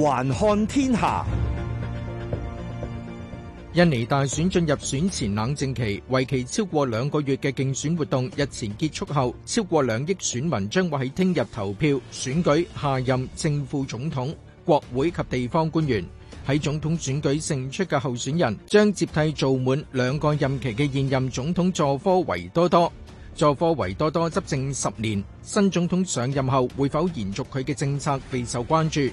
環看天下，印尼大選進入選前冷靜期，為期超過兩個月嘅競選活動日前結束後，超過兩億選民將會喺聽日投票選舉下任正副總統、國會及地方官員。喺總統選舉勝出嘅候選人將接替做滿兩個任期嘅現任總統佐科維多多。佐科維多多執政十年，新總統上任後會否延續佢嘅政策備受關注。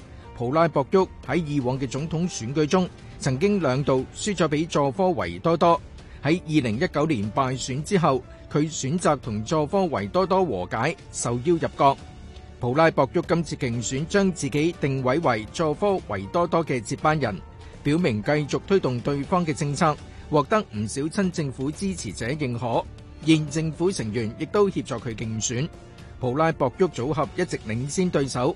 普拉博沃喺以往嘅總統選舉中，曾經兩度輸咗俾佐科維多多。喺2019年敗選之後，佢選擇同佐科維多多和解，受邀入閣。普拉博沃今次競選將自己定位為佐科維多多嘅接班人，表明繼續推動對方嘅政策，獲得唔少親政府支持者認可。現政府成員亦都協助佢競選。普拉博沃組合一直領先對手。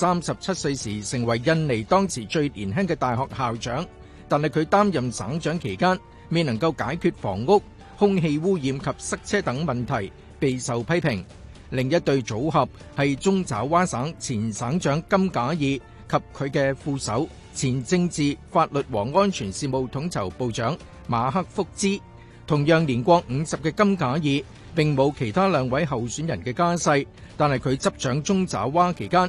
三十七歲時成為印尼當時最年輕嘅大學校長，但係佢擔任省長期間，未能夠解決房屋、空氣污染及塞車等問題，備受批評。另一對組合係中爪哇省前省長金假爾及佢嘅副手前政治法律和安全事務統籌部長馬克福茲。同樣年過五十嘅金假爾並冇其他兩位候選人嘅家世，但係佢執掌中爪哇期間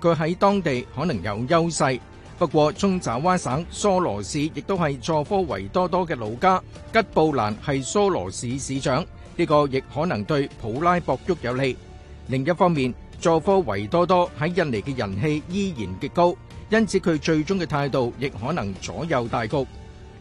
佢喺當地可能有優勢，不過中爪哇省梭羅市亦都係佐科維多多嘅老家，吉布蘭係梭羅市市長，呢個亦可能對普拉博沃有利。另一方面，佐科維多多喺印尼嘅人氣依然極高，因此佢最終嘅態度亦可能左右大局。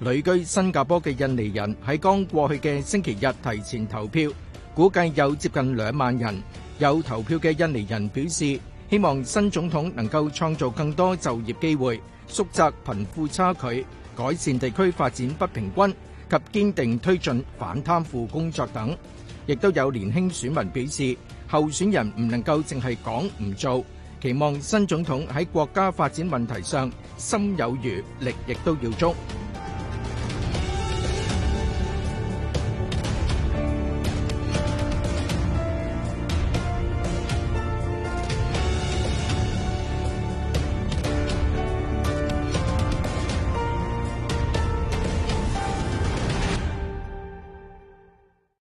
旅居新加坡嘅印尼人喺剛過去嘅星期日提前投票，估計有接近兩萬人。有投票嘅印尼人表示。希望新總統能夠創造更多就業機會，縮窄貧富差距，改善地區發展不平均及堅定推進反貪腐工作等。亦都有年輕選民表示，候選人唔能夠淨係講唔做，期望新總統喺國家發展問題上心有餘，力亦都要足。